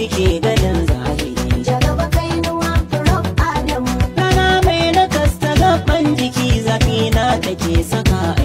kike ganin zahiri jagaba kai nuwa rob adamu rana mai nakasta gaban jiki zafi na take saka